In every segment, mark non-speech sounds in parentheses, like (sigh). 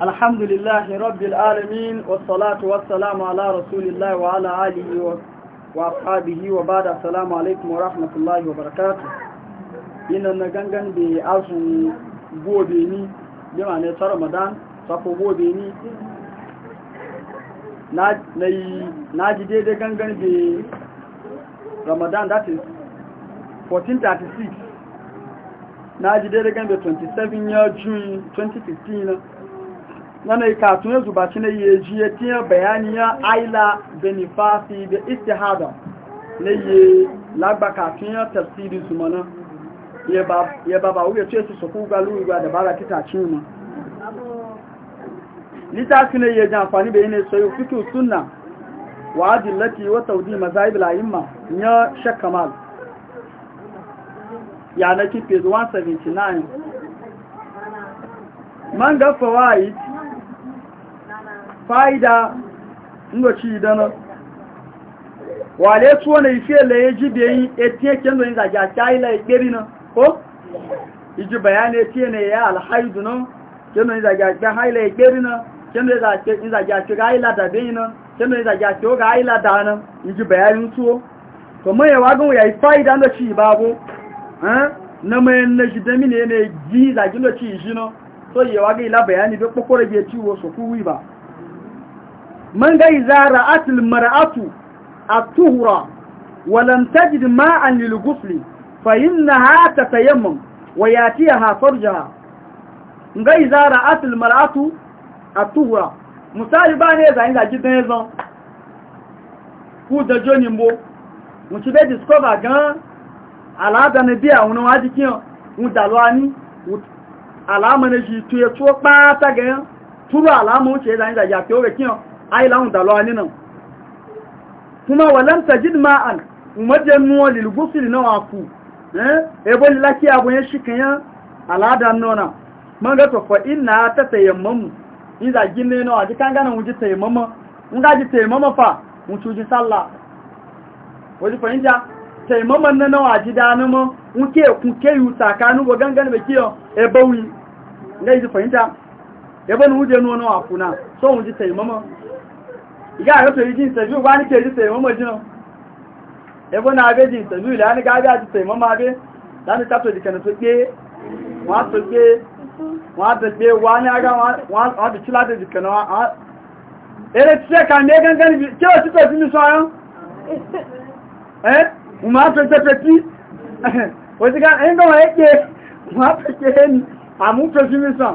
الحمد لله رب العالمين والصلاة والسلام على رسول الله وعلى آله وأصحابه وبعد السلام عليكم ورحمة الله وبركاته إن نغنغن بأزم بوبيني بما نتر رمضان صفو بوبيني ناجي دي دي غنغن ب رمضان that is 1436 naji dai daga 27 ya june 2015 nana ikatun ya zuba cina ya ji ya tiya bayani ya aila da nifasi da istihada na yi lagba katun ya tafsiri zumana ya baba wuya ce su suku ga lura da bara kita cima littafi ne ya ji amfani da yanayi sayo fito sunna wa adillati wa taudi mazahib la'imma ya shakamal ya na 179 man gafa wa'id fa'ida ndoci dana wale tuwo na ife la ya ji biyayi etinye kendo yin zage a kyayila ikperi na ko? iji bayani eti na ya alhaidu na kendo yin zage a kpe haila na kendo yin zage a kpe haila da biyayi na kendo yin zage a kpe oga haila da na iji bayanin tuwo to mai yawa gan ya yi fa'ida ndoci babu na mai na shi dami ne na ji zage ndoci shi na so yawa ga ila bayani bai kokoro ga ciwo so kuwi ba من إذا رأت المرأة الطهرة ولم تجد ماء للغسل فإنها تتيمم ويأتيها فرجها من إذا رأت المرأة الطهرة misali ba ne zai zaki dan yanzu ku da joni mo mo ti be discover gan alada ne bi àwọn wa ji kiyan mo da lo ani alama ne ji tu e tu pa ta gan turu alama o se zai zaki o be kiyan ai lawun da lawa ninan kuma walam tajid ma'an umajen nuwa lil gusul na waku eh ebo laki abun ya shikan ya alada nona man ga to fa inna ta tayammum in za ginne no aji kan gana wuji tayammama in ga ji tayammama fa mun tuji sallah waji fa inja taimaman na nawa ji dani mu nke ku kuke yi tsakanin wa gangan da kiyon ebawi ga yi fahimta ebe na wuje nuna wa kuna so wuje taimaman ìgá àrẹ́sọ̀ yìí ìtẹ̀jú wá ní kejì tẹ̀ mọ́mọ́ jìnà ẹgbọ́ náà abẹ́ jì ìtẹ̀jú ilẹ̀ á ní gábí àti tẹ̀ mọ́mọ́ abẹ́ láti tàbí ìdìkẹ̀nà tó gbé wọ́n tó gbé wọ́n tó gbé wá ní ara wọ́n ti tí láti ìdìkẹ̀nà eré tí ẹ̀ka ní gẹ́gẹ́ níbi kí ó títẹ̀ sí ní sọ ayán ẹ́ wọ́n máa fẹ́ pẹ́pẹ́ tí òtíkà ẹ̀ńgọ́wọ̀n ẹ̀ pé wọ́n á pẹ́ pẹ́ ní àmúfẹ́ sí ní sàn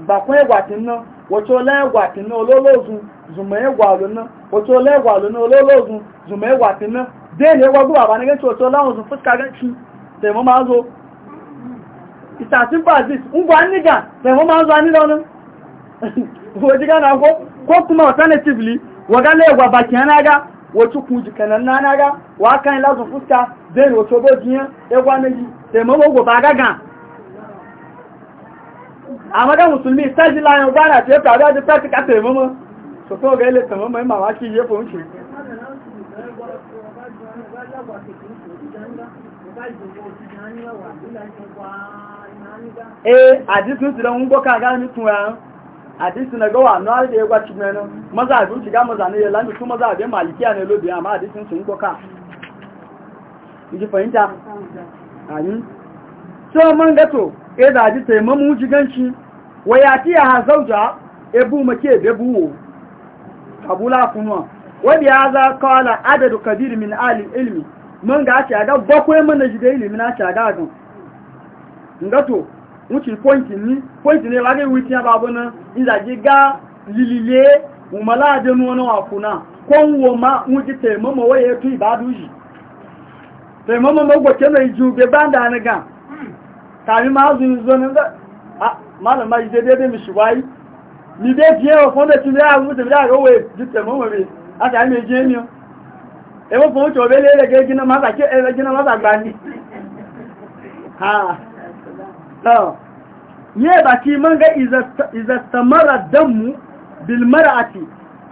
bakwa egwati nna wato la egwati nna ololozu zuma egwalu nna wato la egwalu nna ololozu zuma egwati nna dai ne gwagwa (laughs) baba ne gaci wato lawon sun fuska ganci sai mama zo isasin basis ungwa an niga sai mama zo an niga wani wajen gana ko ko kuma alternatively waga la egwa baki yana ga wato kuji kanan na na ga wa kan lazun fuska dai wato bojiyan egwa na ji sai mama go ba ga àwọn musulmi mùsùlùmí sẹ́jì láyé ọgbára àti ẹ̀kọ́ àdọ́ ọdún kàtẹ̀ mọ́mọ́ ṣòkó ọ̀gá ilẹ̀ ìmọ̀ iye ṣe ee àdísùn ti lọ́wọ́ ń gbọ́ káàkiri ní tún ẹran àdísùn náà mọ́sá àbí mọ́sá ní ní E ji zaji taimamu jiganci wa ya ti e ya zauja ebu make bebuwo abula kunwa wadda a za kawala adadu kabir min alin ilmi mun ga ake aga bakwai mana jide ilimi na ake aga agan ngato wuce pointi ni pointi ne wage ya babu nan izaji ga lilile umala adenu wani wakuna kwanwo ma wuce taimama waye na kàrí máa zùn ìzọ ní mọ́nà máa jẹ́ dédé mi ṣùgbáyí ní dé jí ẹwọ fún lè tún lé àwọn mùsùlùmí àrówò ìdítẹ̀ mọ́wẹ̀rẹ̀ láti àmì èjì ènìyàn ewó fún oúnjẹ òbẹ́ lérẹ̀ gẹ́ gíná máa tàkí ẹrẹ gíná máa tàgbà ní yẹ́ bá kí mọ́ gẹ́ ìzẹ̀tàmọ́ra dánmù bilmọ́ra àti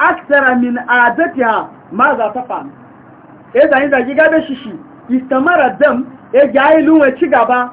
aksara min àdẹ́tì ha máa za ta fàmì ẹ̀zà yìí zàgí gábẹ́ ṣiṣì ìtàmọ́ra dánmù ẹgbẹ́ ci gaba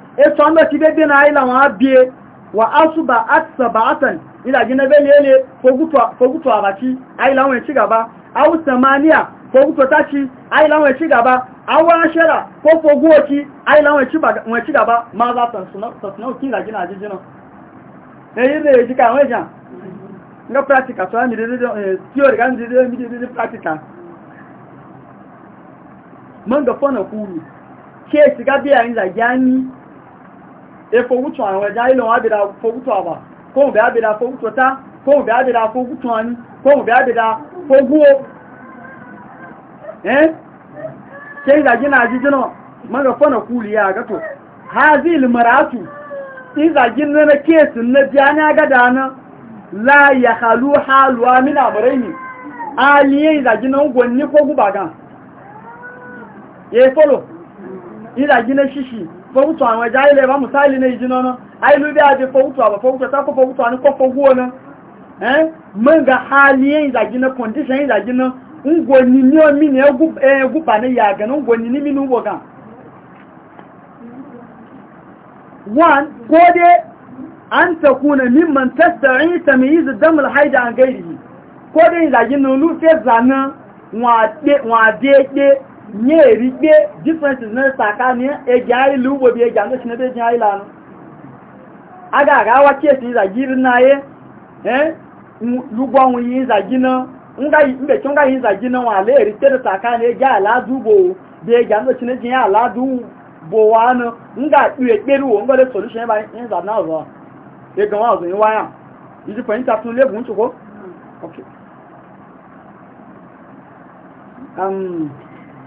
e an ti na ila wa biye wa asuba atsabatan ila gina be ne ne fogutwa fogutwa baki ci gaba aw samaniya tachi ila ci gaba aw ashara ko foguoki ila won ci gaba won ci gaba ma za tan suna suna gina ji ka won jan no practical so e fogutu àwọn ẹja ilẹ̀ wọn abìdá fogutu àwà kóhùn bí abìdá fogutu ta kóhùn bí abìdá fogutu ọni kóhùn bí abìdá fogúo ẹ́ ṣe ìzàjí náà jíjí náà mọ́gbà fọ́nà kúlù ya àgátò ha zí ilmaratu ìzàjí náà kéèsì na bí a ní agada na láyà halú halú amina àbúrẹ́ ni a ní ìzàjí náà gwanni fogú bagan ya fọ́lọ̀ ìzàjí náà ṣíṣì fọ́wútọ̀ àwọn ẹja ilẹ̀ ìbámu sáìlì ní ìjìnà náà àìlú bí ajé fọ́wútọ̀ àbọ̀ fọ́wútọ̀ sápọ̀ fọ́wútọ̀ àní kọ́ fọ́wú ọ̀nà mọ́ngà hali ìzàjínà kọ̀ndíṣẹ̀ ìzàjínà ngwo ni ní omi ní ẹgúpa ní yàgẹ̀ ní ngwo ni ní mínú one ní èrí gbé differences ní ṣàká ní ẹjà ìlú wo bí ẹjà ní ṣinẹ́ bẹ́jì àìlànà agàgà wá kí èsì ìzàgírí náà yé lúgbọ́ ohun yìí ìzàgí náà mbẹ̀ tí ó ń gáyìí ìzàgí náà wà lè rí tẹ́rẹ ṣàká ní ẹjà àládúgbò bí ẹjà ní ṣinẹ́ jẹ́ àládúgbò wa náà ń gà ìrẹ̀ pẹ́rù wọn gọ́lẹ̀ solution bá ń zà náà rọ̀ ẹgbẹ̀ wọn ọ̀zọ̀ ìwáyà ìdí pẹ̀lú ìtàkùn lẹ́bùn ń ṣòkó. Um,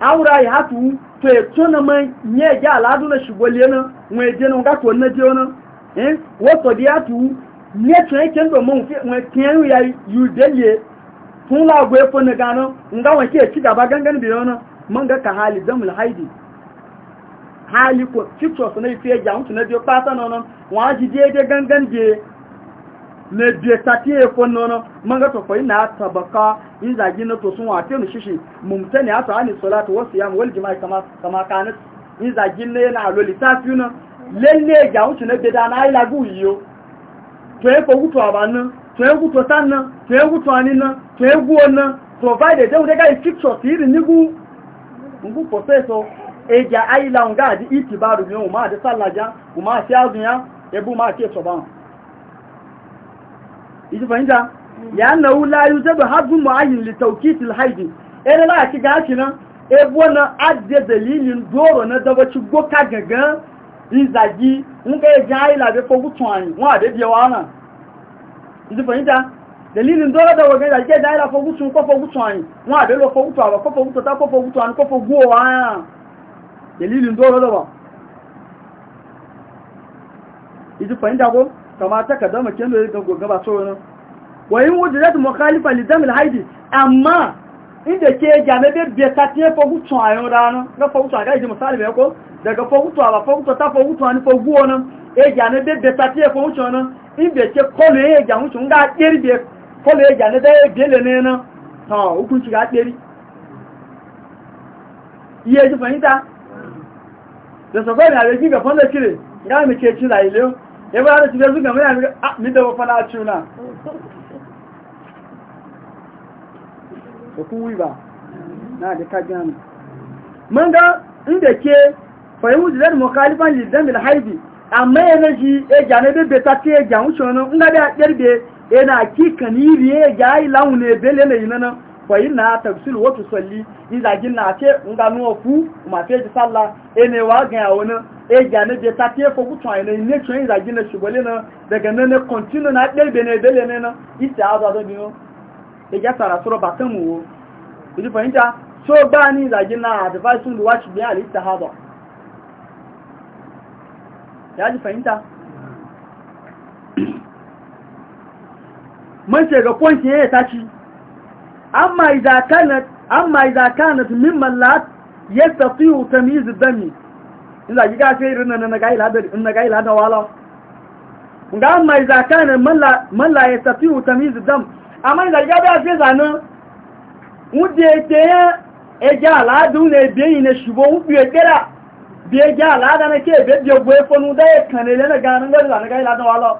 awura ya hatu to ya na mai nye ya aladu na shugbole na nwe je na ngato na je na eh woto di hatu nye tun yake ndo mo nwe kiyan ya yu dele tun la gwe fo ne gano nga wa ke ci gaba gangan bi na man ga ka hali zamul haidi hali ko tiktok na ife ya mutu na je pata na na wa ji je gangan bi na biya ta ke ya nono man ga tofai na tabaka in zagi na to sun wate shishi mumta ne asa ani salatu wa siyam wal jima'i kama kama kanat in zagi na yana aloli ta na ga na beda na ila gu yiyo to e ko gutu abanu to e gutu to e gutu anina to e gu ona provided ngu professor itibaru iji fahimta ya na wula yi zaba hajjun ma'ayin litaukitil haidi ɗaya na ake gashi ebo na ajiye dalilin doro na dabaci goka gagan izagi nka ya ji haila bai fogu tuwani wọn ya ji haila fogu tuwani ko fogu tuwani wọn a daidai fogu tuwa ba ko fogu tuwa ko ya ba kamata ka dama kendo ya goga ba tsoron wayin wujudat mukhalifa li damil haidi amma inda ke game be be ta tie fo gutun ayon rana na fo gutun ga ji misali be ko daga fo gutun ba fo gutun ta fo gutun ni fo guwo nan e game be be ta tie fo gutun nan in be ke kolo e ga gutun ga keri be kolo e ga ne da e bele ne nan ha hukunci ga keri iye ji fahimta da safari na da giga fanda kire ga mi ke ci la ile ya ba da shiga zuga mai amir a ah, ni da wafa na cuna da kuwi ba na da ka gani mun ga inda ke fahimu zilar mukhalifan lidan bil haibi amma yana shi ya gane bebe ta ce ya gane wuce wani in ga da yarbe yana kika ni riye ya yi launin bele mai nanan fọ̀yìn náà tẹ̀sílù wọ́tù sọ̀lì ìzàgí náà tẹ́ ǹganú ọkú màfẹ́jì sálà ẹni wà gan àwọn ẹjà níbi tàbí ẹfọ́kútù àìnà ilé tí ó ìzàgí náà ṣùgbọ́lé na, daga nane kọntínú náà na, náà ẹbẹ̀lẹ̀ náà ìsẹ̀ azọ́dọ́ bí wọn ẹjá tààrà sọ́rọ̀ bàtán mu wo ìdí fọ̀yìn ta tí ó bá ní ìzàgí náà àdìfáìsì ń lu wáṣù bí àlè ìsẹ̀ azọ́ yájú fọ̀yìn ta mọ́ ṣe ga pọ́ǹtì ya ta ci أما إذا كانت أما إذا كانت ممن لا يستطيع تمييز الدم إذا جاء شيء إن نجاي لهذا إن نجاي لهذا ولا أما إذا كان من لا من لا يستطيع تمييز الدم أما إذا جاء شيء زانه ودي تيه ẹjẹ́ àládùn lè bí i ní ṣùgbọ́n ń fi ẹgbẹ́ra bí ẹjẹ́ àládà ní kí ẹgbẹ́ bí ọgbọ́ ẹfọ́nú dáyẹ̀ kàn lè lẹ́nà ganin lọ́dún àníká ìlàdán wa lọ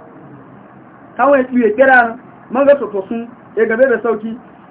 káwọn ẹ̀fì ẹgbẹ́ra mọ́gbẹ́ tòtò fún ẹgbẹ́ bẹ̀rẹ̀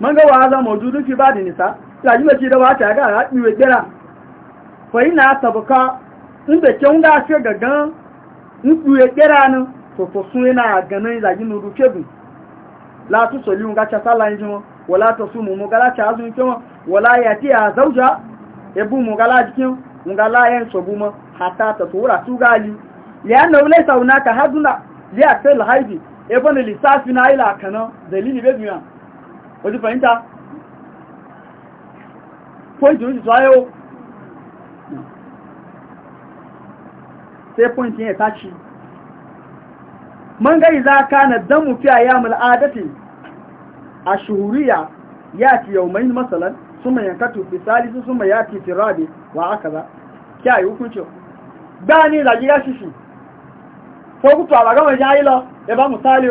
manga wa za mawjudun fi ba'd nisa laji ba ki da a ta ga ra biwe gbera fa ina sabuka in da kyan da shi gagan in biwe gbera nan to to sun yana ganin laji nu du kebu la tu so liun ga cha sala injin wala to su mu mu gala cha azun kewa wala ya ti e a zauja ebu mu gala jikin mu e gala yan so bu ma hatta ta tura su gali ya na wala sauna ka haduna ya tal haidi ebe lisa fina na ila kana dalili be biya o ti fẹ̀yìntà pọ́ìntì ní ìtọ́ ayé ó sai pọ́ìntì yẹn tashi man gai za ka na damu fi ayyamul adati a shuhuriya ya ci yaumain masalan suma yankatu fi salisu suma ya ci tirabi wa aka za kya yi hukuncin gbani da gida shishi ko kutu a bagamar jayi lọ ya ba misali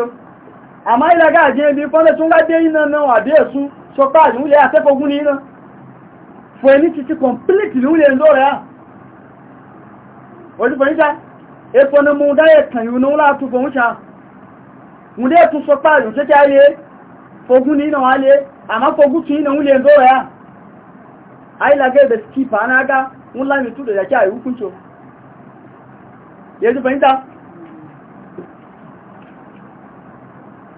amma ina ga aje bi fana tun ga dai nan nan wa dai su so pa ni ule ase fogun ni na fo ni ti ti completely ule ndo ya wodi bonita e fo na mu da ya kan yu no la tu fo mu cha mu de tu so pa yu se ti aye fogun ni na wa le amma fogun ti na ule ndo ya ai la ga be skip ana ga mun la mi tu da ya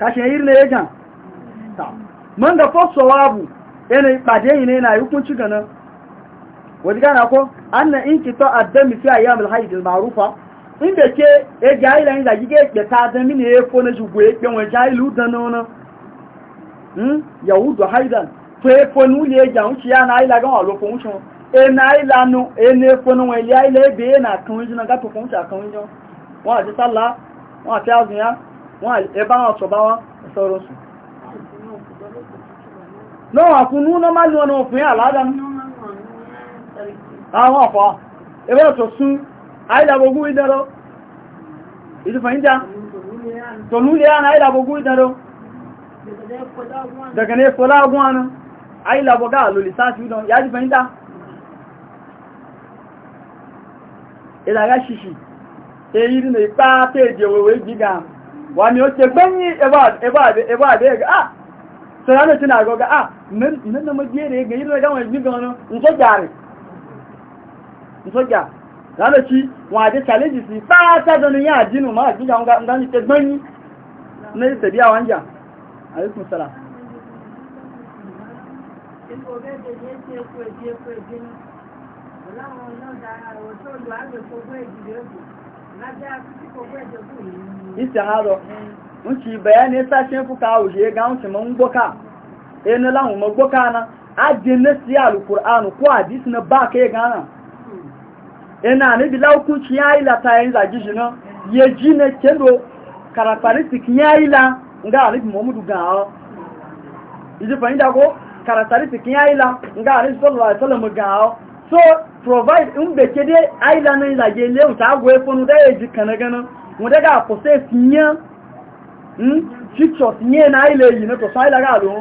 kashin yi ne yajan man da fosso wabu yana ɓaje yi ne na yi hukunci ganin wajen gana ko an na in kito a a haidil marufa inda ke ya zagi ta ya ko na ya kyanwa nuna yahudu haidan to ya ko nuli ya jan wuce ya na haila gan wucin e na haila nu e ko ya haila ya na kan na kan wuce a kan wọn wọn wọ́n ẹbá wọn sọ bá wọn sọ́rọ̀ sùn náà àkúnnú náà máa lọ́nà òfin àládá àwọn ọ̀fọ́ ẹbá ọ̀tọ̀ sún àìdàgbogún ìdánrọ́ ìdúfàíjà tọ̀lú lè rán àìdàgbogún ìdánrọ́ daga ne fola ogun anu àìdàgbogá lòlìsá ti ìdán yájú fàíjà ìdàgá ṣìṣì èyí nínú ipá tèèdè òwèwé gíga wani wace gbanyi eba abe e ah. ya ga a sarana tana goga a nan na magere ga yi daga wani gina wani nso gyare nso gya rana ci wade challenge si fata da ni ya jinu ma gina wani gani ke gbanyi na yi tabiya wanja alaikun salam Ọlọ́run náà dára ọ̀tọ́ ìlú àgbẹ̀kọ́gbọ́ ìdílé ọ̀gbọ̀n. istihara e na bayani sashen fuka wuje ga nci man ma na ajin na siya alkur'anu ko hadis na ba kai gana na. ni bi laukunci ya yi lata yin zagi na ya ji na kendo karakteristik ya yi la nga ga ha karakteristik ya yi nga alibi ga ha provide in beke dai ailana ilage lewu ta agwai fonu da ya ji kanagana wadda ga kose fiye pictures nye na ile yi na tosa ilaga alo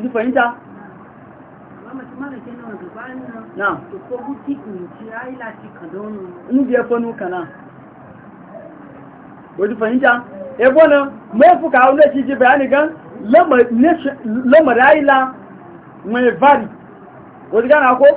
iji fahimta na nubi ya fonu kana wadda fahimta ebo na mefuka hau ne ci ji bayani gan lamar aila mai vari wadda gana ko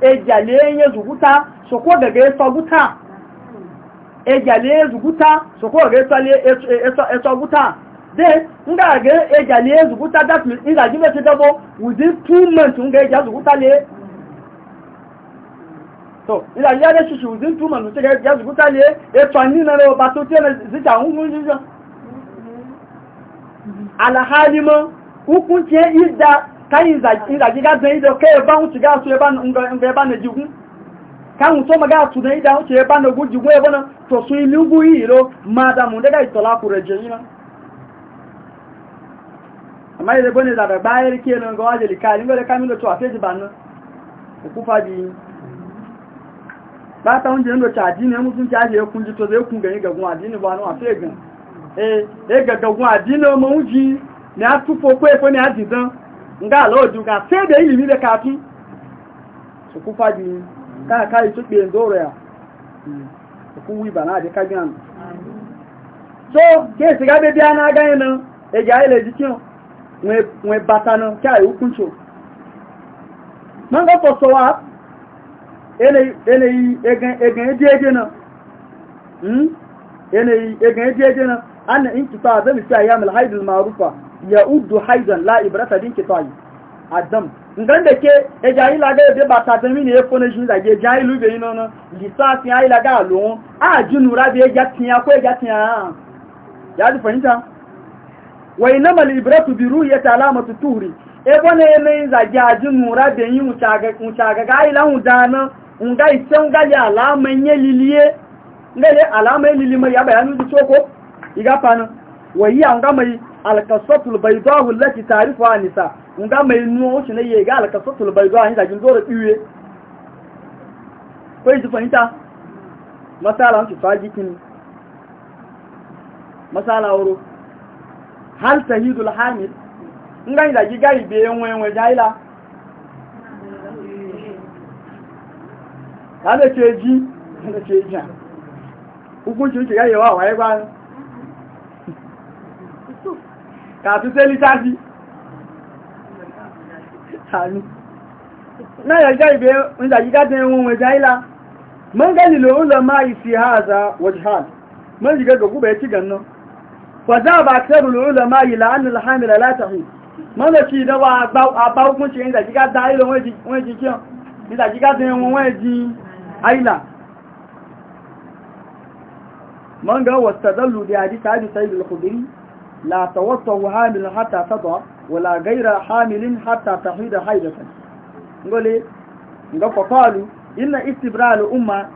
ejale ya zuguta soko daga ya soguta ejale ya zuguta soko daga ya soguta then nga ga ejale ya zuguta that means ina gina ta dabo within two months nga eja zuguta le so ina ya da shi within two months nga eja zuguta le e tani na lo ba to tena zita hungun jijo mm-hmm. alhalima hukunce idda kayin zagi gazan ido kai ba wuce ga su ya ba na jigun kan so maga su da idan wuce ya ba na guji goye bana to su ilugu yi ro ma da mun daga itolaku rejina amma yadda bane da bayar ke nan ga wajen likari ga da kamilo to a feji ba nan kufa bi ba ta hunje ndo ta adini mu sun jaje ya kunji to zai kun gani gagun adini ba nan a fegan eh eh gagun adini mu hunji ne a tufo ko e ko ne a didan nga oju ka se da ilimi da kafi su kufa ji ka kai su ɓe zoro ya su kuwi ba na da ka gyan so ke shiga bebe ana ganye nan e ga ile jikin nwe bata nan kya yi hukunci man ga fasowa yanayi egan edi e ege nan yanayi egan edi ege nan an na hmm? e e in kita zai fi haidul marufa ya uddu haizan la ibrata din kitayi adam ngan da ke e jayi ga be bata de mi ne e fone jun da ge jayi lu be no lisa ti ayi la ga lo a junu ra be e ja e ya ko ja tin ya ya du ta? wa inama al ibratu bi ru'yati alamatu tuhri e ne za ja junu ra be yin mu cha ga mu cha ga ayi la nga nga ya alama nye lilie ngale alama ya wayi a nga mai alkasatul baidahu lati tarifu anisa an ga mai nuwa shi ne ga alkasatul baidahu an zagin dora biye ko yi fahimta masala faji fajikin masala wuro hal tahidul hamil in ga zagi gari be yanwe yanwe jaila ta da ce ji ta da ce ji hukuncin shiga yawa waye gwanin kàtún sí lítàjí náà yẹ jẹ́ ìbẹ̀ ìdàjíká ti ẹwọ́n wọn jáílá mọ́ngẹ́lì ló ń lọ máa ìsì ààzà wọ́jhàn mọ́jígẹ́ gọ̀gú bẹ̀ẹ́ tí ganná fọ̀dá bá tẹ́rù ló ń lọ máa ìlà ánì láhàmìlà látàrí mọ́lẹ̀kí ìdánwà àbáwọ́kún ṣe la tawassahu hamilun hatta tadha wala ghayra hamilin hatta tahida haidatan ngole ngako qalu inna istibra'al umma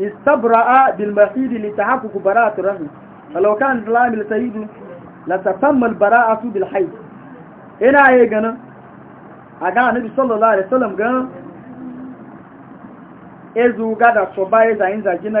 istabra'a bil mahid li tahaqqu bara'at rahmi falau kan al-hamil sayyid la tatamma al-bara'atu bil ina ye gana aga annabi sallallahu alaihi wasallam gana ezu gada sobai gina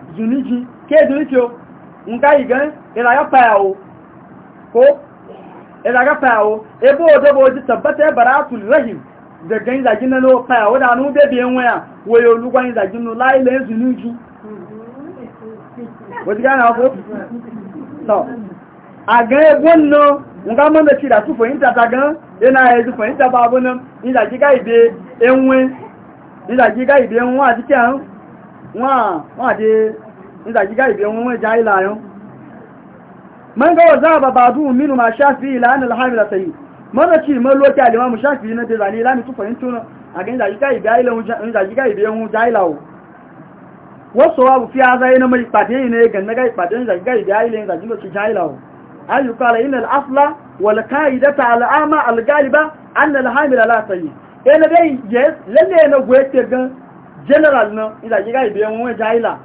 zuniji ke zuniji o nka igan ilaga fayawo ko ilaga fayawo ebe odobo ji tabbata ya baratul rahim da gan zagin na lo fayawo da anu bebe yin waya wayo lugwan zagin no laile zuniji wata gana ko? so a gan egbon no nga mọ́nà ti dàtú fòyíntà tagán ẹna ẹ̀dù fòyíntà bá abúnan nígbàjígá ìdè ẹ̀wọ̀n àti kí àrùn wọ́n àti ìdàjígá ìbẹ̀ wọn wọ́n já yán man gawa za ba badu ma shafi ila an alhamila sayi mana ci man lokaci alimamu shafi na da zani ila mi tu fahimtu ìdàjígá ìbẹ̀ general na ila jiga ibe won jahila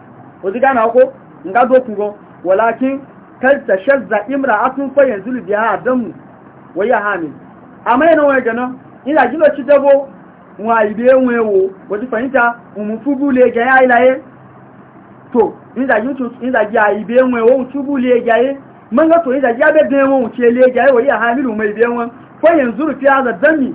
o diga na ko nga do ku go walakin kal tashazza imra'atun fa yanzulu biha adam wa ya hamil amma yana wa gana ila jilo ci dabo ibe won wo o ti le ila ye to ila yutu ila ja ibe won wo ye manga to den won le ga ye wa ya won fa fi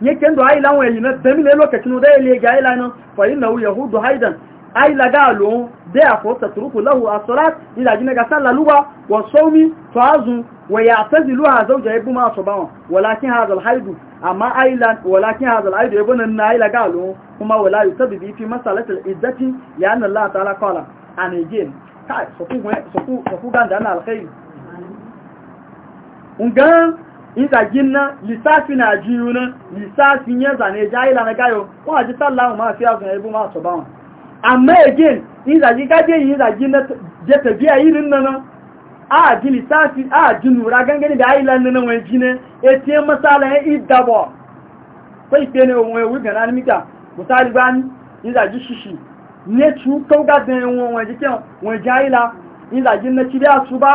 yake ndo aila won yi na dami le lokacin da ile ga aila nan fa innahu yahudu haidan aila ga lo de afo tatruku lahu as ila jina ga salla luwa wa sawmi fazu wa ya'taziluha zawja ibu ma sabawa walakin hadha al-haidu amma aila walakin hadha al-haidu ibu nan aila ga lo kuma wala yusabbi fi masalati al-izzati ya anna Allah ta'ala qala and again kai sofu sofu sofu ganda na al-khair ungan ìdàgín náà lìsáàfì náà jí irú náà lìsáàfì yẹn zàní ẹjá ìlànà gáyọ wọ́n àti sáàláwọ̀ máa fi àfihàn ẹbú máa sọ báwọn àmọ́ again ìdàgí gájé yìí ìdàgí jẹ́ tẹ̀bí ẹ̀yí nínú náà ààjí lìsáàfì ààjí nùra gẹ́gẹ́ níbi àìlànà náà wọ́n jí ní etí mọ́sálẹ̀ ìdàbọ̀ pé ìpé ní ohun ewu gẹ̀rẹ́ ní mítà mọ́sálẹ̀ bá ní ìdàgí ṣíṣì ní ètù kọ́gádẹ̀ wọn wọ́n jí àìlà ìdàgí náà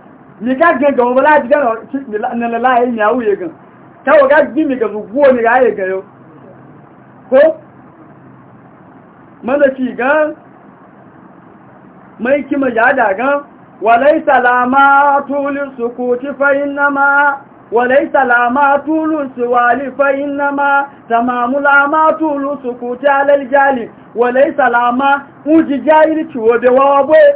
ni ka gbe ga wala ti gan na la la yin awu ye gan ta wo ga gbi mi gan wo ni ga ye gan yo ko mana ci gan mai ma ya da gan walai salamatu sukuti fa innama walai salamatu lisuwali fa innama tamamu lamatu sukuti alal jali walai salama uji jahili ciwo da wawa boye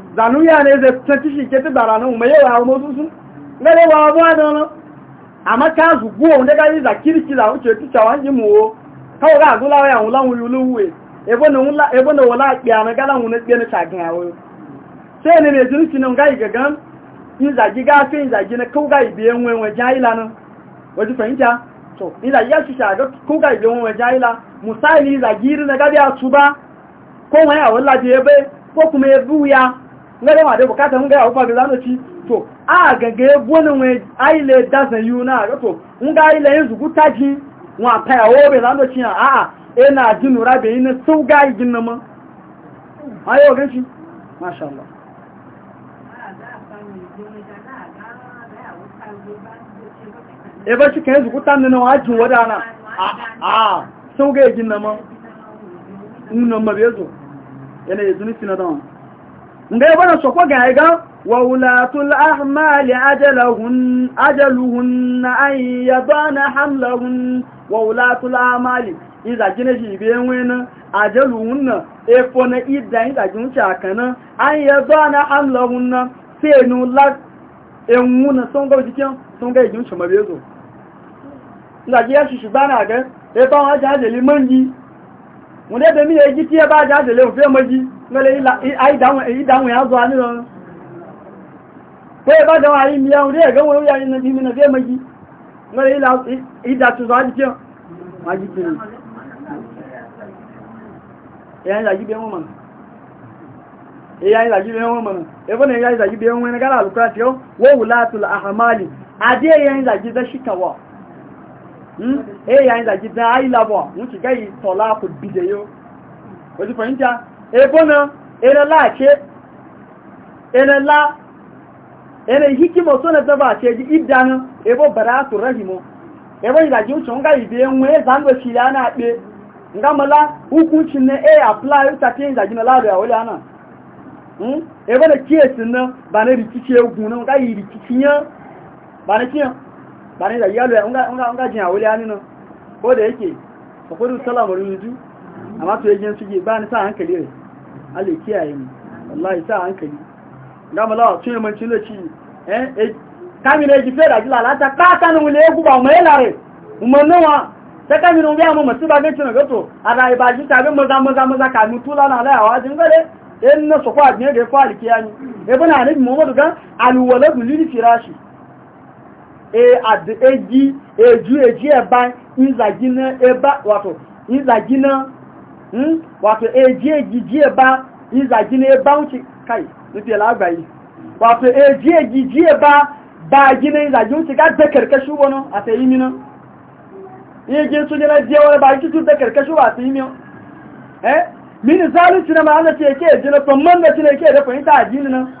zanu ya na eze kusanci shi ke dara nan mai yawa hau mozu sun gare wa abuwa da na a maka su guwa wanda gari za kirki za wuce tuta wani mu wo kawo ga azula ya wula yulu luwe ebo na wula ya na gala wuna na tagin yawo sai ne ne jinsi nan gagan na kawo gari biyan wenwe jahila nan wajen fahimta to in zagi ya shi na ya ko kuma ya lọ́dọ̀ wà dé ń gaya gẹ̀zánà to a gẹ̀gẹ̀ gbonin wọn aile dazan yiwu na rọ́tọ̀ ń ga aile yin zugu taji wọn àtàyà owó a a a e na ji nura bẹ̀ yin sau ga igin na mọ́ a yau gan shi masha ebe shi kan yi zugu tan nuna a a sau ga na mọ́ nuna mabezo yana na nga ya bana sokwa ga ga wa ulatul ahmali ajaluhun na an yadana hamlahun wa ulatul ahmali iza jine ji be efo na ida ida an yadana na senu la enwuna na ga wọ́n dẹ́bẹ̀ mí èyí tí ẹ bá jáde lè fẹ́ mọ́jí lọ́lẹ̀ ìdáhùn ìyázọ́ anílọ́run pé bá dáwọn àrí mi ẹun ẹ̀gẹ́ wọ́n yà nínú ìmìnà fẹ́ mọ́jí lọ́lẹ̀ ìdàtùsọ ajíkẹ́ wọ́n ajíkẹ́ Hmm? eh yayin da gidan ai labo mun shiga akụ talaqu bidayo wani fahimta eh bona ene la ce ene la hiki hikima so na taba e ce ji idan e hmm? eh bo baratu rahimo eh wani da ji usun ga ibe enwe zango shi na pe ngamala apply utakin da gina ya bona ba na ba bani da yalo ya unga jin awuli ani no ko da yake akwai sallah maruju amma to yake suke ba ni sa hankali ne Allah kiyaye ni wallahi sa hankali ga mala eh eh kami ne ji fera jila lata ka ta nu le ku ba mai lare umman nawa ta kami no ya mu masu ba gancin ga to ara ba ji ta ga maza maza maza ka mu tula ali muhammadu ga firashi E eji eju eji eba nzagina eba wato nzagina hmm, wato eji ejiji eba nzagina eba wuce kai nufi alagbayi wato eji ejiji eba ba gina nzagi wuce ga da karkashi wani a sayi mina iya gina su gina jiya wani ba yi cikin da karkashi wa a sayi mina eh mini zalunci na ma'ana ce ke jina famman da cina ke da fahimta a jini nan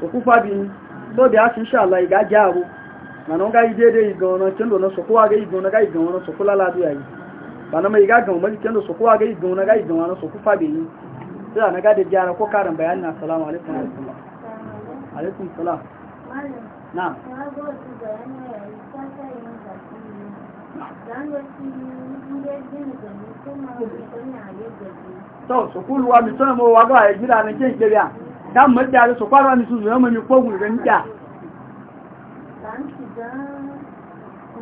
so kufa bi so da yasin sha Allah ga jaru nanon ga ide dai ga wannan kin do so kuwa ga igon ga igon wannan so kula la duya yi bana mai ga gan mai kin do so kuwa ga igon ga igon wannan so kufa bi ni sai na ga da jara ko karin bayani na assalamu alaikum alaikum salam na'am tọ́ sùkúlù wa mi tọ́nà mọ́ wà gbà ẹ̀gbìrà ní kí dan mada da su fara ni su zo mai ko gurin da dan ki da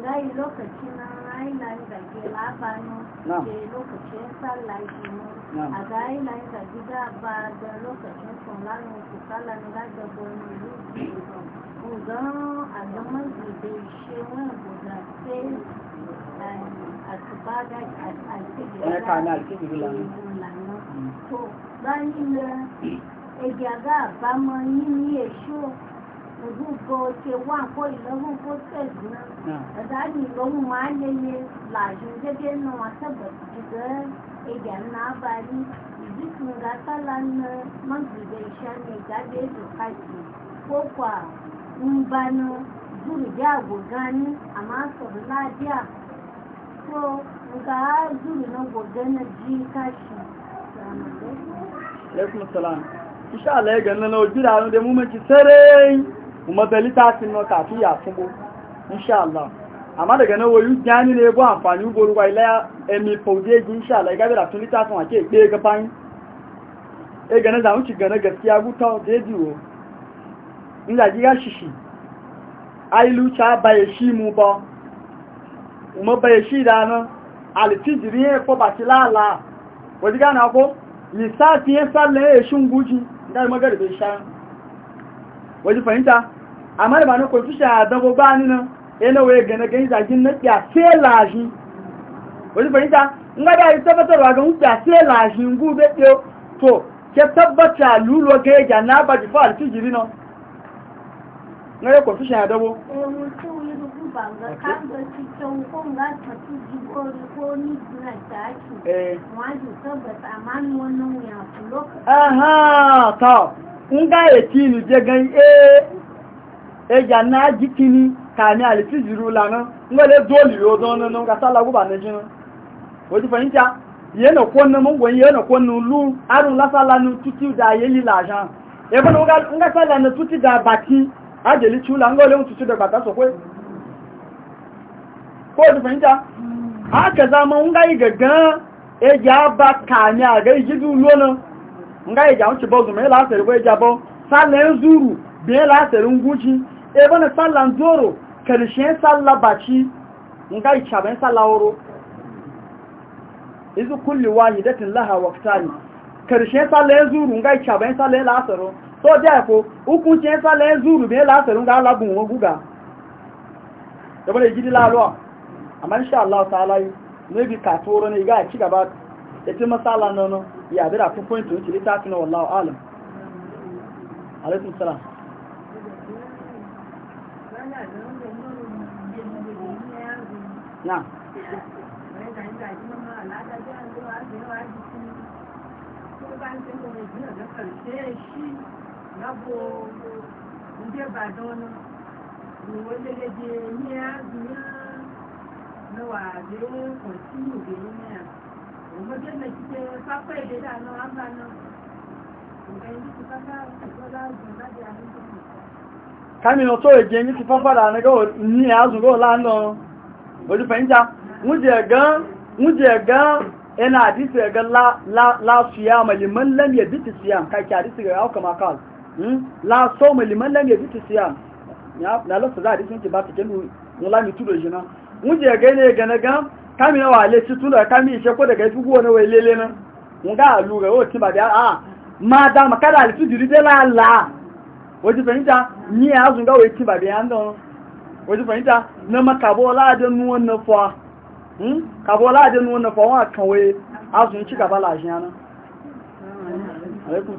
ngai lokaci na ai na da ke labano ke lokacin sallah ne a ga ai na da gida ba da lokacin sallah ne ku sallah ne da da gori ku ga a ga man da ejaga àbámọ̀ níní èṣù ògúngbò ṣe wà kó ìlọ́gùn kó tẹ̀gbọ́n ẹ̀dá ìlọ́gùn máa lẹ́yẹ làjù gẹ́gẹ́ náà wọ́n tẹ̀gbọ̀ jùlọ ẹ̀jà náà balí ìdíkùn gàtàlá náà mọ́gbìgbà ìṣàmì ìgbàgbé ìdùkàjì kópa ń banu zurija gogani amma sọ̀rọ̀ láàdíà tó nga zuru na gogana jí káṣí. Lẹ́kùn sọ́lá ìṣàlẹ̀ ẹgbẹ̀rún náà ojú ìrànú dé mú méjì sẹ́rẹ́ ìmọ̀bẹ̀lítà sí náà kàfíyà fúnbó inṣàlá àmá daga náà wòyú já nínú ẹgbọ́ àǹfààní gbòrúwà ilẹ̀ ẹmi fòdéjì inṣàlá ìgábẹ̀rà tún lítà fún àkẹ́ ìpé ẹgbẹ́ fáyín ẹgbẹ̀ náà zàmú ti gànà gaskiya gútọ́ déjì o nígbà jíga ṣìṣì àìlúcha báyẹ̀ sí mú bọ́ ìmọ̀ báyẹ̀ sí ìdáná àlìtíjìrí dari magari bai sha waje fahimta amma da ba na kwanci sha zabo ba ni nan yana waye gane gani zagin na ya sai lashi waje fahimta in ga da yi tabbatarwa ga mutu ya sai lashi gube ɗiyo to ke tabbata lulo ga ya na ba jifa alfijiri nan na ya kwanci sha zabo ba ga kaga cikin kunga ta tuji gori ko ni gina ta ake wani saboda tsamani wannan ya fi lokaci aha ta in ga ya tini je gan e e ya na jikini ka ni aliti jiru lana ngole doli yo don nan ga sala ku ba ne jin o ti fahimta yana kwanne mun gwan yana kwanne lu arun la sala nu tutu da yeli la jan e bana ga ga sala na tutu da baki ajeli chula ngole un tutu da bata so ko su fahimta haka zama ngai gaggan eji aba kani a ga iji na nan ngai ja wuce bozu mai e lasari ko eja bo sallan zuru biye lasarin guci ebe na sallan zoro karshen sallah baci ngai chaben sallah woro izu kulli wahidatin laha waqtani karshen sallan zuru e zuru biye lasarin ga alabun guga e amma insha Allah ta'ala ne bi ka toro ne ga ci gaba da ti masala nono ya da ku point to ci ta alaikum salam na Nabo, ndị Badon, ndị nwere ya nawa da yawon continue da yi na kuma jan da kike kafa da kami na tó èdè ní ti fáfàdà ní àázùgbò lánàá olùfẹ́yíjá mújẹ̀ gan ẹna àdísì ẹ̀gán láàṣíyá mẹ́lìmán lẹ́mìyà bí ti síyàm àdísì rẹ̀ ọkà makal láàṣọ́ mẹ́lìmán lẹ́mìyà bí wuje ga ne ga na ga kami na wale ci tuna kami ishe ko daga fi gona wai lele nan mun ga alura o ti ba da a ma da ma kada alitu diri de la la waje fahimta ni ya zun ga wai ti ba da yan don waje fahimta na makabo la da nu wannan fa hmm kabo la da nu wannan fa wa kan wai azun ci gaba la jana alaikum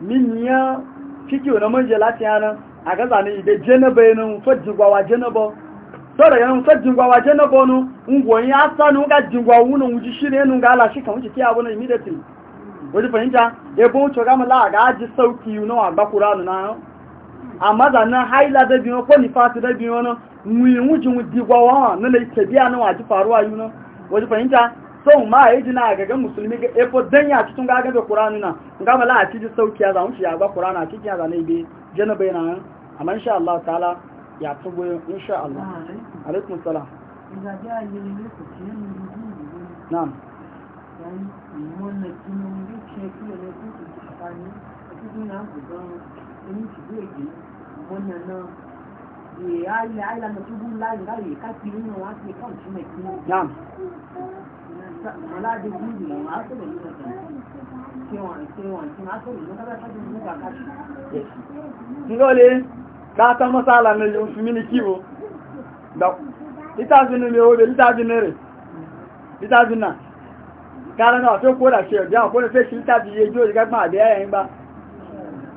min ya kike wani manje latiya nan a gaza ne ibe jenaba yanin fajin gwawa jenaba sau da yanin fajin jenaba nu ngwon ya sanu ga jingwa wunan wuji shi ne nun gala shi kan wuce kiya wani immediately wajen fahimta ebe wuce gama la ga aji sauki yi nawa ba kuranu na amma zanen haila da biyu ko nifasi da biyu wani wuyin wuce wuji gwawa na na ita biya na waji faruwa yuno wajen fahimta so ma yi jina a gagan musulmi ga efo dan ya cikin gaga da kuranu na ga mala a cikin sauki ya zamu ya ga kuranu a cikin ya zane bi jana bayana nan amma insha Allah ta'ala ya tubo insha Allah alaikum salam na'am Na'am. wala da gudu na masu da nuna kewan kewan suna so da nuna da kashi nuna kashi ngole ka ta masala ne yo mini kiwo da ita zinu ne obe ita zinere ita zina kara na to ko da she ja ko da she shi ta biye jo ga ma de ayin ba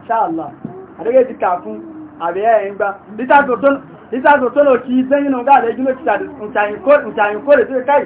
insha Allah adege ti ka fun abe ayin ba ita to to ita to to lo ki zeyin no ga de ju lo ti ta ta yin ko ta yin ko le ti kai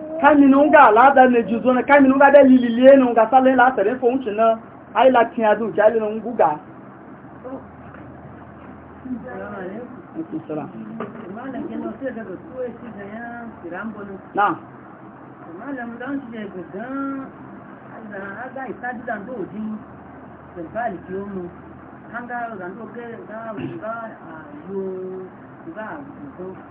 kaminunga alada ne juzona kaminunga de lililie nunga sale la sere fo unchi ai la tin adu jale nunguga na malam dan shi ne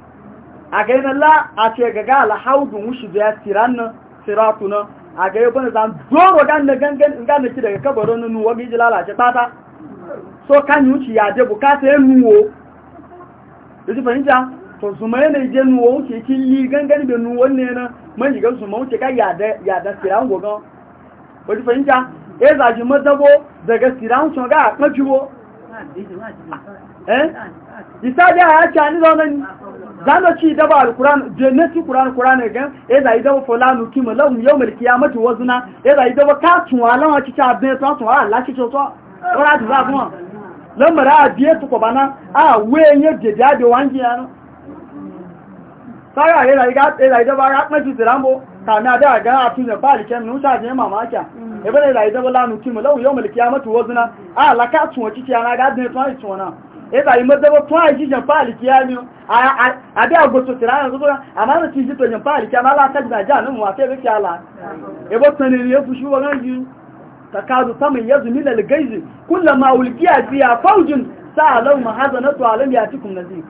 a na la a ce gaga alhaudun wushi biya tiran nan siratu nan a ga yabon zan doro gan na gangan gan ki daga kabarin nunu wani ji lalace tata so kan yi wuce ya je bukata ya nuwo da ji fahimta to su mai na je nuwo wuce ki yi gangan da nuwo ne na man shiga su ma wuce kan yada tiran gogon ba e ji fahimta ya zaji mazabo daga tiran sun ga a kajiwo eh isa da ya ci ni ni zaunani zana ci daba alquran jannati quran quran gan e da ida fulanu kima lahum yawmal qiyamati wazna e da ida ka tun ala wa ci ta be to to ala ci to to ora ti ba fun lo mara adie to ko bana a we nye dede ade wanji ya sára àrẹ́là ìdába rápẹ́jù tìrámbó tàbí adáàgá àtúnjẹ báàlì kẹmì ba ṣàjẹ́ màmáàkà ẹgbẹ́lẹ̀ ìdába lánàá kí mọ̀ lọ́wọ́ yọ́ mẹ́lẹ̀kí a mọ́tò wọ́zúná àlàkà tún ọ̀kíkí ara gádẹ́ tún àìtún ọ̀nà eba yi mazaba tun a ji jamfa aliki ya ni a bi agoto tira yanzu zuwa amma da ci jito jamfa aliki amma ala ta jina ja nan wafe bi kyala ebo tsanani ya fushi wa ran yi ta kazu saman ya zumi da ligaizi kulla ma wulkiya biya faujin sa alau ma to alam ya ci kun nazi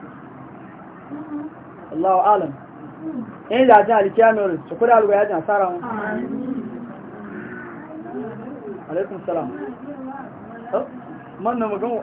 Allahu alam in da jina aliki ya nori su kuda alwa ya jina sara wani alaikum salam oh,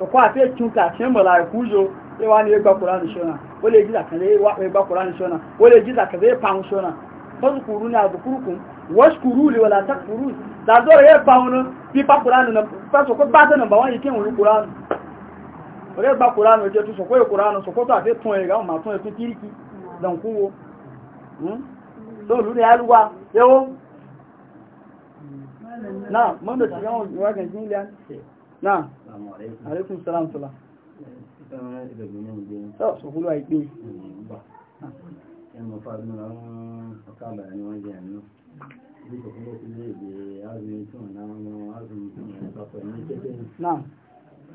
kọ̀kọ́ àti ẹ̀túnkà tí ń bọ̀lá ìkújò wá ní ẹgbà kùránì ṣọ́nà ó lè jíta kẹ̀lẹ́ ẹgbà kùránì ṣọ́nà ó lè jíta kẹ̀lẹ́ pàun ṣọ́nà bọ́sù kùrú ní àbùkúrùkù wọ́ṣkùrú lè wọ́n látà kùrú dàdọ́rọ̀ yẹ pàun bí pa kùránì na pàṣọ kó bá tẹ̀nà bàwọn yìí kéwòn kùránì ọ̀rẹ́ gba kùránì ojú tó sọ̀kọ́ kùránì sọ̀kọ́ tó àfẹ́ tún ẹ̀gá ọmọ àtún ẹ̀tún kíríkì lọ́nkúwo lóòlù hmm? ní àríwá yẹ́wó náà mọ́ndọ̀ tí wọ́n wá gẹ̀ẹ́sì ní ilẹ̀ náà alaikum salam salam sọ́kúlù àìpé ẹmọ fàánù àwọn ọ̀kàbà wọ́n jẹ́ àánú bí kòkòrò sílé èdè azumi tí wọ́n náà wọ́n azumi tí wọ́n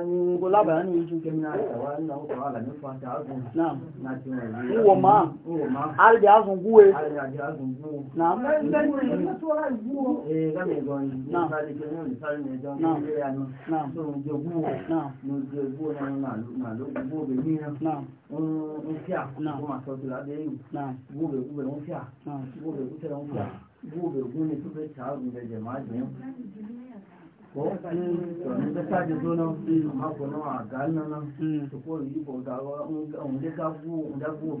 Ngolaba ni iju kemina wa na ko ala ni fa ta azu. Naam. Na ti wa. Wo ma. Wo ma. Al ja azu guwe. Al ja azu guwe. Naam. Eh ga me go ni. Naam. Ba di kemina ni sal ni jo ni ya ni. Naam. So jo guwe. Naam. No jo guwe na na na lo guwe be ni na. Naam. Un un fia. Naam. Ko ma so ti la de. Naam. Guwe guwe un fia. Naam. gobe gune su zai ta da jama'a ko to ne da ta ji zo nan ma ko nan a gal nan hmm. to ko da wa da ka fu da fu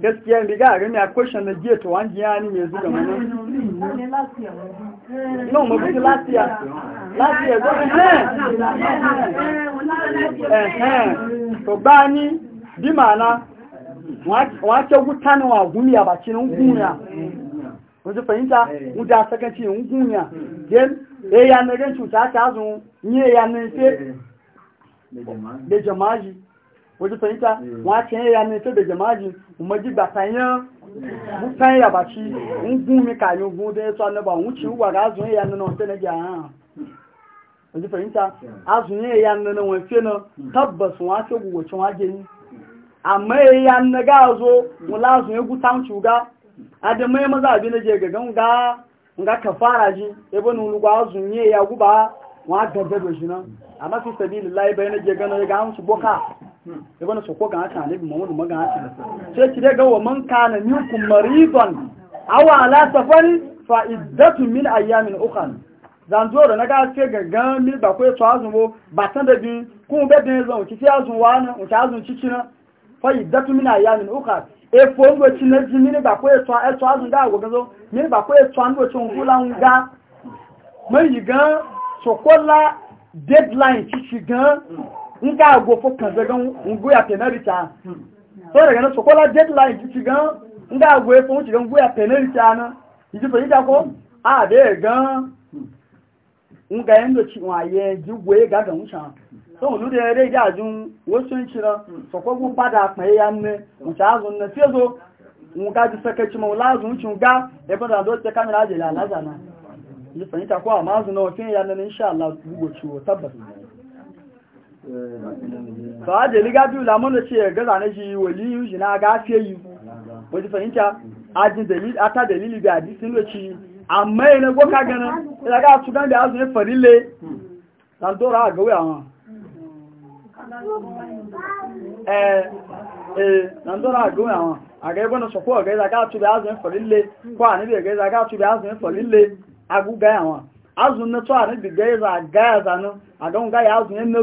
gaskiya riga ga ne question na jiya to wan jiya ni me zuga mana no mo bi latia latia go eh eh to bani bi mana wace ta gutana wa gumiya ba cinin gumiya wajen fahimta wuta sakanci yin gumiya gen eh ya na gan cuta ta zo ni eya na fe da jama'i wajen fahimta wacin ya nito da jamaji umarji ba sanyan mutan ya ba ci ń gún mi kàyọ gún dé tó anọba òun ci wà rázùn èyà nínú ọ̀tẹ́ nẹ́bí àárín wajen fahimta azùn èyà nínú wọn fi na tabbas wọn fi gbogbo tí wọn jẹ ní maza àbí lẹ́jẹ̀ ga ji ebe na olugbo a èyà gúbà wọn gẹ̀gẹ́ dòjì náà àmọ́ fi sẹ̀bí ìlú láì bẹ́ẹ̀ ga ń ṣubọ́ Hmm. ibn na ko ga ta annabi Muhammad ma ga ta sai ki daga wa man kana minkum maridan aw ala safari fa iddatu min ayamin ukhra zanzoro na ga ce gangan mil ba ko to azumo ba san da bin ku be den zan ki azun wa na azun ci cina fa min ayamin ukhra e fo ngo ci na ji mil ba ko to e to azun da go ganzo mil ba ko to an go ci ngula nga mai yi gan sokola deadline ci ci gan in ka agofo kan zagan ngoya penalty so daga nan sokola deadline ji ci gan in ka agofo wuce gan ngoya penalty na ji fahimta ko a da gan nga yanda ci waye ji goye ga ga musha so onu da re ga jun wasu in cira sokogu pada pan ya nne musha azun na sezo nga ji sakaci maula azun cin ga e ba da do te kamera je la lazana ji fahimta ko amma azun na wakin ya nan insha Allah bugo ciwo tabbas ba da liga biyu lamun da ce ga zane shi wali na gafe yi wata fahimta ajin ata dalili da ci amma na goka gana ya ga da azu ne farile dan dora ga dora a ga ibn eh, eh, ga ga azu ne farile ko ga ga tu da azu ne farile agu ga azu na to ga ga ga zanu ga ya azu ne na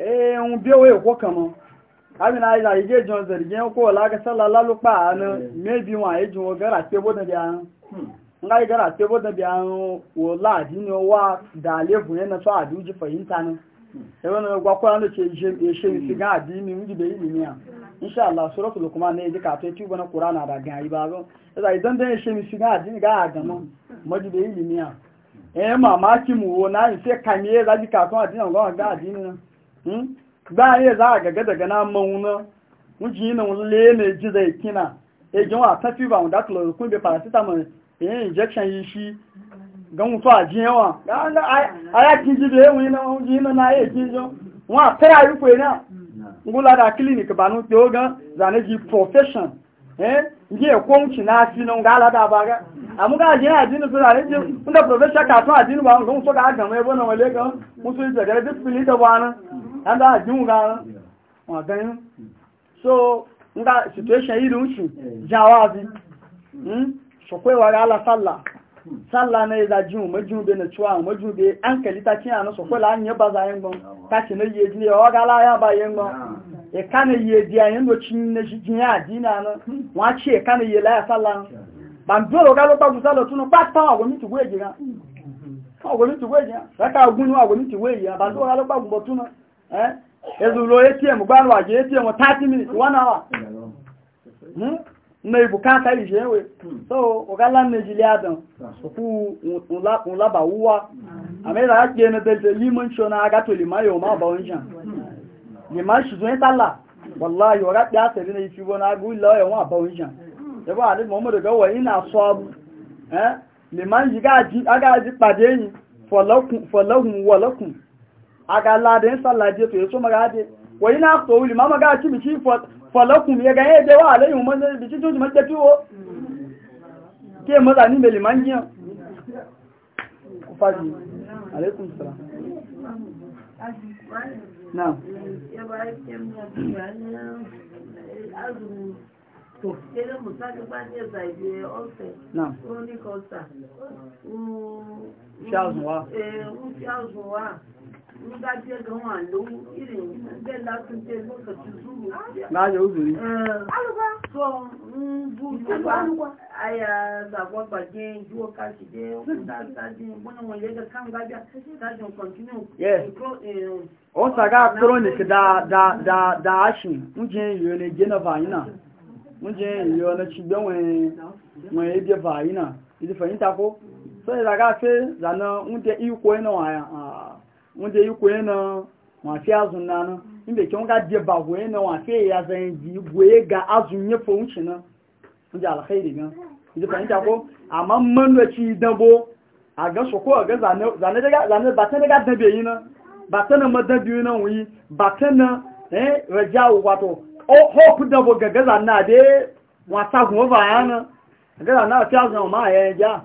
ehun biyo ya kama abin na ila ije jin zargin ko laga sallala lupa anu mebi wọn ayi jin gara te bodan bi an nga gara te bodan bi an wo la di ni wa da le fun yana so adu ji fahimta nu ewe na gwa ko ce je e se ni ga di ni mi be ni mi an insha Allah suratul luqman ne ji ka te tu bana qur'ana da ga iba go sai idan da e se ni ga di ga ga mo mo ji be ni mi mu wo na se za ka na ga di ni na Hmm? bayan za a gaga daga na mauna wuji yi na wule na ji zai kina e jin wa tafi ba wanda tulo paracetamol yin e, injection yi shi ga wuto a ji wa a ya kin ji da yawon na wuji yi na na yi kin wọn a na ngula da clinic ba nu teo gan zane ji profession eh nje ko nchi na si ngala da ba ga zane ji profession ka ba ga ga na wale ji ga da aga ajin ga wọn ganin so nga situation iri dun jawazi so kwe wa ala salla hmm. na na chuwa majun be an kalita kin an so gbon ta na yi jini wa ga ya ba gbon e di chin na jin ya di na wa chi e la ya ban doro ga lo pa gusa tunu pa ta wa mi Eh? ezulo atm gbanwa ji atm 30 minutes 1 hour hmm? hmm. hmm. Na ibukata ije enwe so ogala nnejili adam okwu nlaba wuwa amịra ya kpee mebeze limo ncho na ma ya ụma ọbawo njem lima shizu ịtala wallahi ọga asịrị na na ya nwa ọbawo ebe a gawa ị na-asọ ọbụ lima eh? nji ga enyi aga ladan sallaje to yaso magaje wai na to wuli mama ga ci biki falakum ya ga yaje wa alayhi man biki to man da tuwo ke maza ni mele mangiya ku fadi alaikum salam na ya ba ke mu ya azu to ele musaje ba ni za ibe ofe na oni kosa um Charles Noir. Eh, um Charles Noir gajiyar ga wando irin zai latin zai lokaci zuru na ya uzuri eh, aluba so buju ba a ya zagwa gbaje juwa kashi je kuta sajin wani wani ga kan gajiya sajin continue yes eh, o saga chronic da da da da ashi muje yiwu ne gina vayina muje yiwu na cigbe wani ebe vayina idi fahimta ko so ya zaga fe zana muje iko yana waya ah. wanda yi koye na wafi azun na nan inda kyan ga je ba goye na wafi ya zan ji goye ga azun ya fa wuce nan wanda alkhairi gan ji fahimta ko amma man da ci dabo a ga so ko a ga zane zane daga zane ba ta daga dabe yi na ba ta na dabe yi na wuyi ba ta na eh rajawu wato o hope dabo ga ga zane na de wata kuma ba yana ga zane a fi azun ma ya ja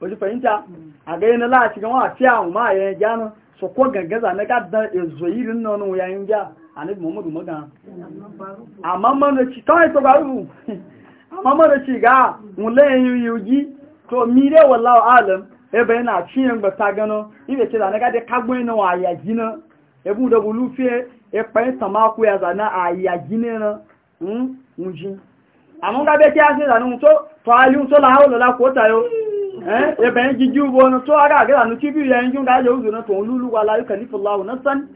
wajen fahimta a ga yi na la'ashi gan wa fi ma ya ja na so ko gangaza na gadda ezoyirin na wani yayin ja anabi muhammadu maga amma mana ci kawai to ga rubu amma mana ci ebe e na gade kagbo ina wa yaji na ebu e, e ya zana a yaji ne na mm muji amma ga be ti ase da nu to to ali to la hawla la ko tayo ẹ̀bẹ̀ ń jíjú wọnú tó ara àgẹ́là ní kíbí rẹ̀ yíò dáyé òjò náà tó ń lúlú wa láyé kẹ̀ nífò láwọ̀ náà sán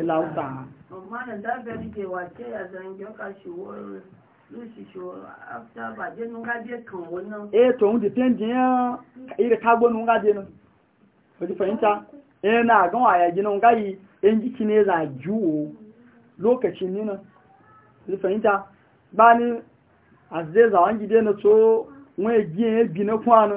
ìlàúta ètò ń dìtẹ́ ìdíyàn ìrìkágbónú ngájẹ́ kí ní ẹ̀zà jú o lókàcí nínú ojú bá ní àzẹ́zà wọ́n jíde náà tó wọ́n èjì ẹ̀bì náà fún àná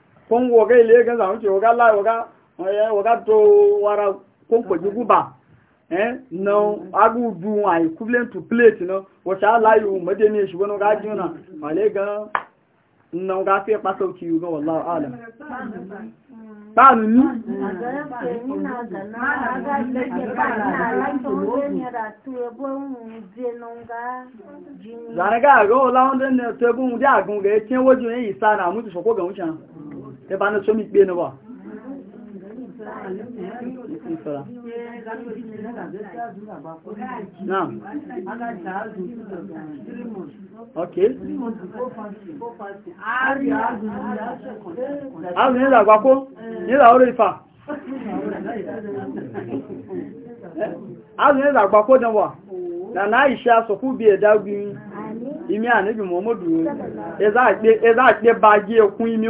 kóńgò ọ̀gá ilé ẹgbẹ́ sàwọn tí ọ̀gá láì ọ̀gá tó wara kóńpọ̀ jùgú bà na agúgbù àì equivalent to plate náà wọ̀ṣá láì mọ́dé ní èṣù wọn ọ̀gá jùnà wàlẹ́ gan na ọ̀gá fẹ́ pàṣẹ òkè yìí gan wọ̀lá àlẹ́ báàlù ní zanaga àgọ́ ọ̀lá ọ̀dẹ́ ní ẹ̀tọ́ ẹgbóhun dé àgùn rẹ̀ tí wọ́n jù ní ẹ bá ní sómi gbé ní wọ́ Naam. Okay. Àwọn ìrìnlẹ̀ àgbàkó, nílà orí ìfà. Àwọn ìrìnlẹ̀ àgbàkó dán wà, lànà ìṣẹ́ àsọ̀kú bí ẹ̀dá gbìyàn, ìmí àníbì mọ́mọ́dù, ẹzá àpé imi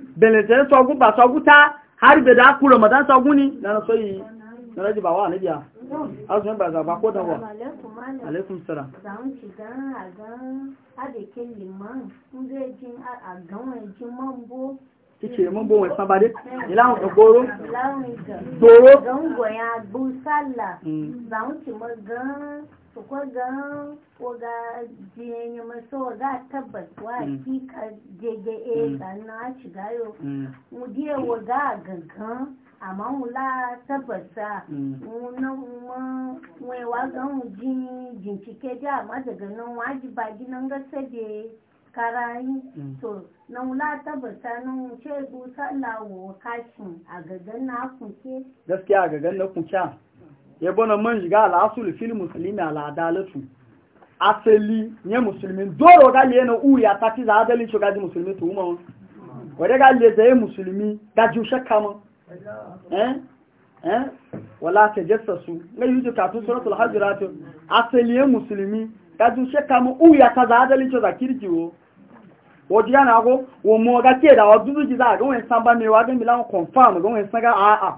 belete sogun ba soguta har be da ku ramadan sogun ni na so yi na raji ba wa ne biya azu ba za ba ko da wa alaikum salam zan ci ga aga ade kin liman nge jin aga wan jin mambo kike mun bo wọn sábàdé ìlànà ọgbọ́rọ́ gbòòrò gbòòrò gbòòrò gbòòrò gbòòrò gbòòrò gbòòrò gbòòrò gbòòrò su kwagan waga jiyanyi maso waga tabbas wa mm. ka jege e eh, mm. ganin shiga yau mm. mudiya waga gangan amma wula tabbasa mu kuma wai waga jin jincike da amma daga nan wajiba nan gasa da karayi to na wula tabbasa nan ce dusa lawo kashin a gagan na kunke gaskiya a gagan na kunke yabona man shiga al'asul fil muslimi al'adalatu asali nye musulmi doro ga liye na uya ta ti za adalin shi gaji musulmi tu umar wadda ga liye zaye musulmi gaji shakka ma eh eh wala ta jasa su na yi ji kafin suratul hajjiratu asali ye musulmi gaji shakka ma uya ta za adalin shi za kirkiwo wadda yana ko wo mo ga a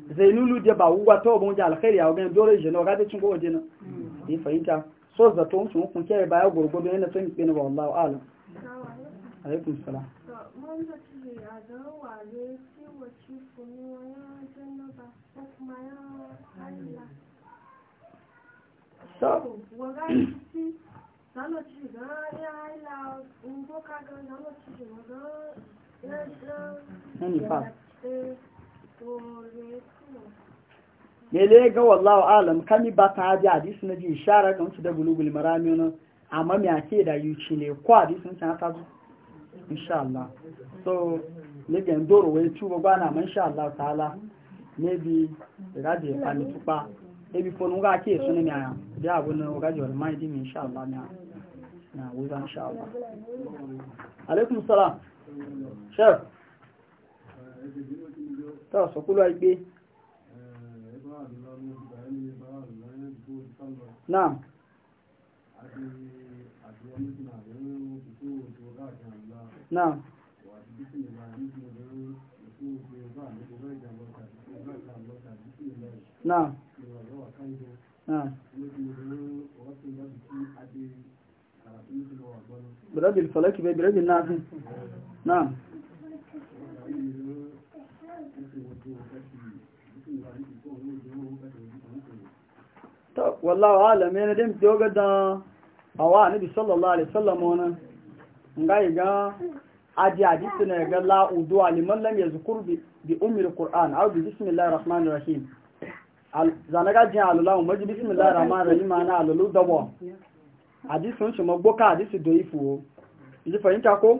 Zeynou nou dye ba ou wato ou bon djala. Khe li a ou gen dole jenou. Gade chon kou jenou. Yen hmm. fwenj a. Sot zato msou mkon kere baya ou goro gomen ene. Swenj geni wang la ou. A la. Aleykoum salam. Sot. Mwenj a ti li a zan wale. Si wati founi wanyan. Jen nou da fokumayan. A li la. Sot. Waga yi ti. Zan wati jenou. A li la. Mbo kagan. Zan wati jenou. Zan. Yen jenou. Yen jenou. mele ga wallahu alam kami ba ta haji hadisi na ji ishara ga mutu da gulugul marami wani amma mai ake da yuci ne ko hadisin can ta zo insha Allah so ligin doro wai tuba gwana ma insha Allah ta'ala maybe raje a mi tupa ebi fonu ga ake su ne miya da abu na raje wani mai dimi insha Allah miya na wuza insha Allah alaikum salam shef tọ́ sọkúlọ́ igbe náà náà náà برد الفلك برد الناس نعم wallawa alamai na dim joga da awa nabi sallallahu alaihi sallam wani nga iga aji hadisi na ga la udu aliman lam yazkur bi ummi alquran aw bi bismillahir rahmanir rahim al zanaga jin alula umma bi bismillahir rahmanir rahim ana alulu dabo hadisi sun shi magboka hadisi doifu ji fahimta ko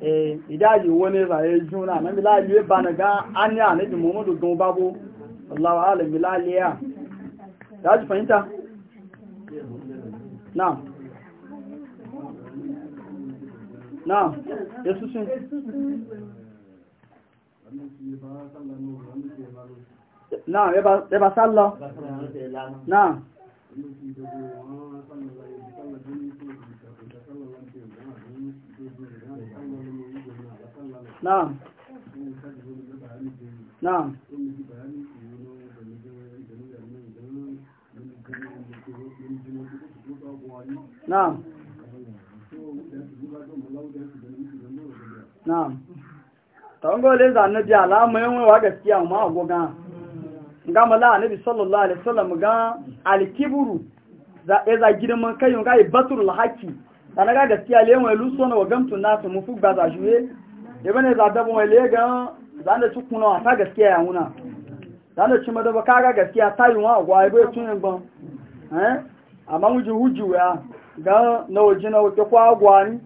Eh, idaji wani raye e juna na milali e ya e ba na ga an yi anabi muhammadu don babu allawa ala milali ya ya ji fahimta? na na yesu sun na ya ba sallọ na na'am na'am na'am na'am tawangole za annabi alama yan wa gaskiya ma agoga ga mala annabi sallallahu alaihi wasallam ga alkiburu za eza girman kai ga batul haqi sanaga gaskiya lewan luso na wagamtu nasu mufu ba za juye ebe na za dabon wale ga za da ci kuna ta gaskiya ya wuna za da madaba kaga gaskiya ta yi wa gwa tun yin ban eh amma wuji wuji ya ga na waje na wake kwa gwani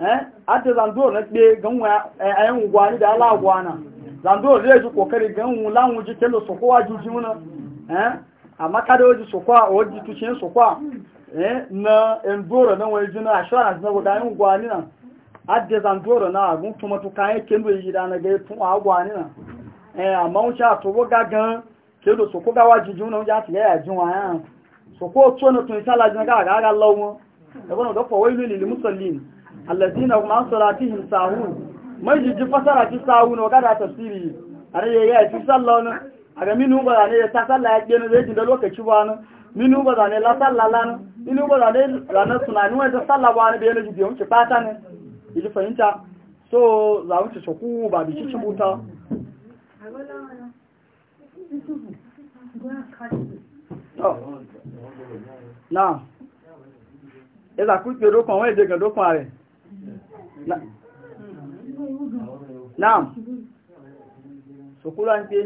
eh adda zando na gbe ganwa eh, ayan gwani da ala gwana zando zai ji kokari gan wula wuji kelo juji wuna eh amma kada waje waje tushen eh na na waje na assurance na gwani adda zandoro na agun tuma to kan yake ndo yi dana ga tun agwa ni na eh amma un sha to boga gan ke do so ko ga waji jun na un ja ti ya jun wa ya so ko to no tun sala jin ga ga ga lawo da e bono do fawai lil lil musallin alladina hum an salatihim sahun mai ji fasara ti sahun ga da tafsiri are ya na aga minu ba ne ta sallah ya genu zai jin da lokaci ba na minu ba ne la sallah na minu ba ne ranar sunani wanda sallah ba ili fahimta so za wuce shaku ba bishi shibuta na ẹza kú pé rókan wọ́n èdè gan rókan rẹ̀ naam ṣòkúrò ń pé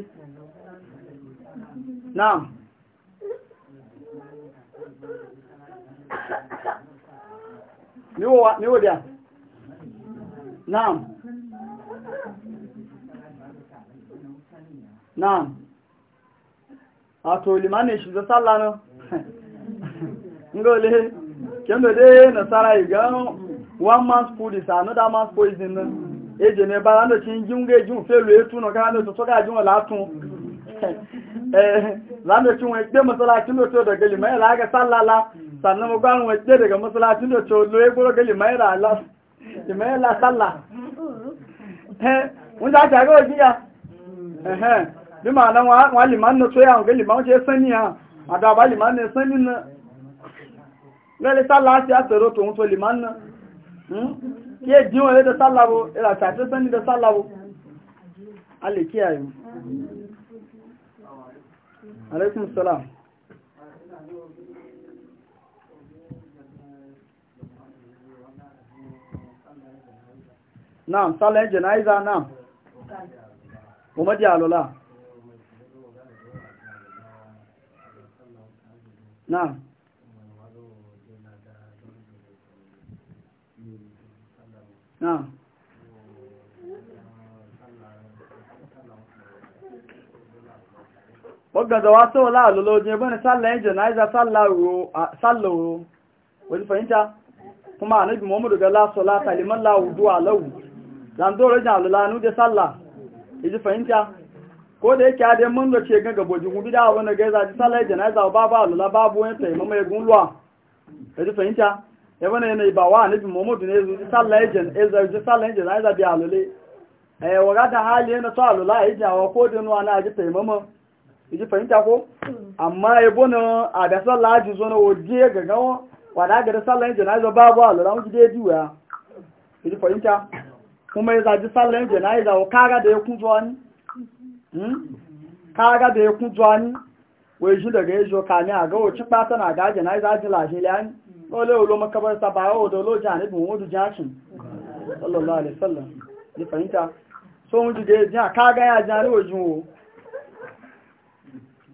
naam níwò díà نعم نعم ato limanin shi da sallah no (laughs) ngole kendo de na sara igan one man's food is another man's poison no e eje ne ba ndo chin junge jun felu etu no ka ndo to ka jun la tun (laughs) eh la ndo chin masala chin do to da gali mai la ga sala la sannan mu gwan we de daga masala chin do to lo e ala. gali mai la la jimẹ́ lásàlà wọ́n já jàrá òjíyà bí ma náà wọ́n lè máa ń tó yà ọ̀gẹ́ lè máa ń ṣe sẹ́ni à àdàbà lè máa ń sẹ́ni náà lẹ́lẹ́ sálà sí àtẹ̀rọ tòun tó lè máa ń hmm? kí è dín wọn lẹ́dẹ̀ sálàwó ìràtà naam sálẹ̀ jẹ̀náìzà naam ọmọdé àlọ́lá naam naam ọgbẹ̀dọ̀ wá tó láàlọ́lọ́ ojú ẹgbẹ́ ni sálẹ̀ jẹ̀náìzà sálọ̀rọ̀ onífẹ̀yíta kuma àníbì mọ́mọ̀dọ̀gẹ́lá sọ látàlímọ́lá òdó àlọ́wù zandoro da alulanu da sallah iji fahimta ko da yake adai mun da ce gaga boji gubi da wani gaiza ji sallah janaza ba ba alula babu wani taimama mai gunluwa iji fahimta ya e wani yanayi ba wa anabi muhammadu ne zuji sallah janaza e bi alule eh waga da hali yana to alula ya ji awa ko dinuwa na ji taimama iji fahimta ko amma ya e bona a da sallah ji zo na wodiye gagawa wada ga da sallah alula kuma ya zaji sallan jana'iza wa kaga da ya kunzo hmm? kaga da ya kunzo wai shi daga yajo kani a ga wacin fata na ga jana'iza ji lashe lani dole ulo makabar sa ba wa dole janibin wudu jashin sallallahu alaihi wasallam ni fahimta so wudu da ya kaga ya jani wajin wo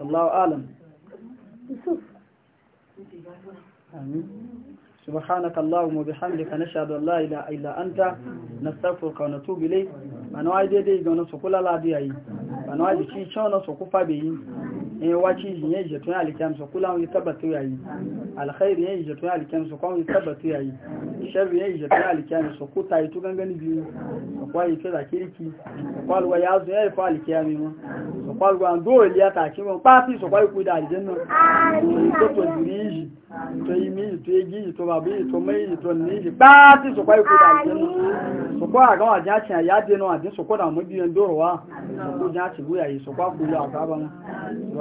Allahu alam سبحانك اللهم وبحمدك نشهد ان لا اله الا انت نستغفرك ونتوب اليك manawai daidai ga wani su kula ladiyayi manawai da ci cewa na su kufa bai yi in wace shi ya jatun alkiyamsa kula wani tabbatu yayi alkhairi ya jatun alkiyamsa kuma wani tabbatu yayi sharri ya jatun alkiyamsa ko ta yi tugan gani biyu ko kwai ta da kirki ko kwalwa ya zo ya fa alkiyami mu ko kwalwa ndo ya ta ki mu pasi so kwai ku da aljanna ko to diriji to yi mi to yi gi to babu to mai to ni pasi so kwai ku da aljanna so kwa ga wa ja cin ya de no adin so ko da mu biyan dorowa so ko ja ci buya yi so kwa ku ya ka ba mu